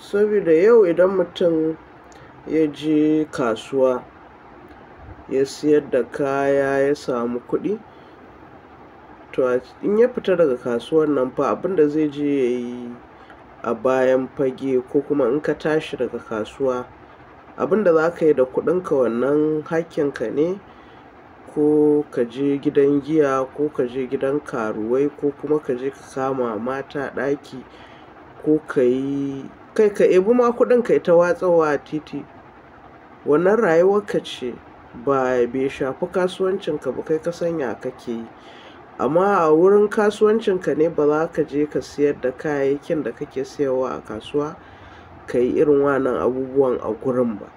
saboda yau idan mutum ya je kasuwa ya siyar da kaya ya samu kuɗi to in ya fita daga kasuwar nan fa abinda zai je ya yi a bayan fage ko kuma in ka tashi daga kasuwa abinda za ka yi da kuɗinka wannan hakkinka ne ko ka je gidan giya ko ka je gidan karuwai ko kuma ka je ka kama mata ɗaki ko ka yi kai ka ebu ma kuɗin kai ta watsawa a titi wannan rayuwar ka ce ba bai shafi kasuwancinka ba kai ka sanya kake yi amma a wurin kasuwancin ka ne ba za ka je ka siyar da kayayyakin da kake siyarwa a kasuwa ka yi irin wannan abubuwan a gurin ba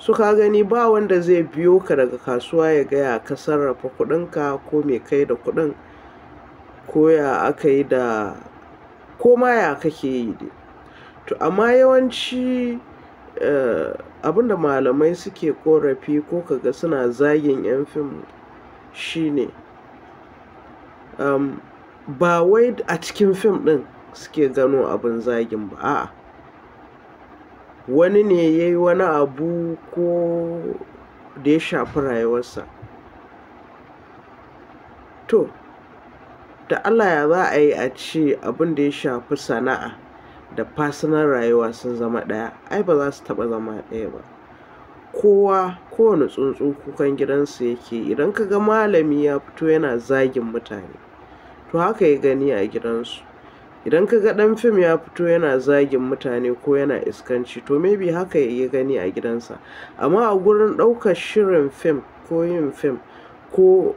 su ka gani ba wanda zai biyo ka daga kasuwa ya gaya ka sarrafa kuɗinka ko me kai da kuɗin ko ya aka yi da ko ya kake yi dai to amma yawanci eh, abinda malamai suke korafi ko kaga suna zagin 'yan fim shine um, ba wai a cikin fim ɗin suke gano abin zagin ba 'a wani ne ya yi wani abu ko da ya shafi rayuwarsa to da allah ya za a yi a ce abin da ya shafi sana'a da fasinan rayuwa sun zama ɗaya ai ba za su taɓa zama ɗaya ba kowa kowane tsuntsu kukan gidansu yake idan ka ga malami ya fito yana zagin mutane to haka ya gani a gidansu idan ka ga ɗan fim ya fito yana zagin mutane ko yana iskanci to maybe haka ya gani a gidansa amma a gurin ɗaukar shirin fim ko yin fim ko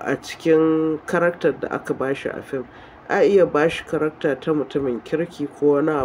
a cikin karaktar da aka bashi a fim a iya bashi karakta ta mutumin kirki ko wani abu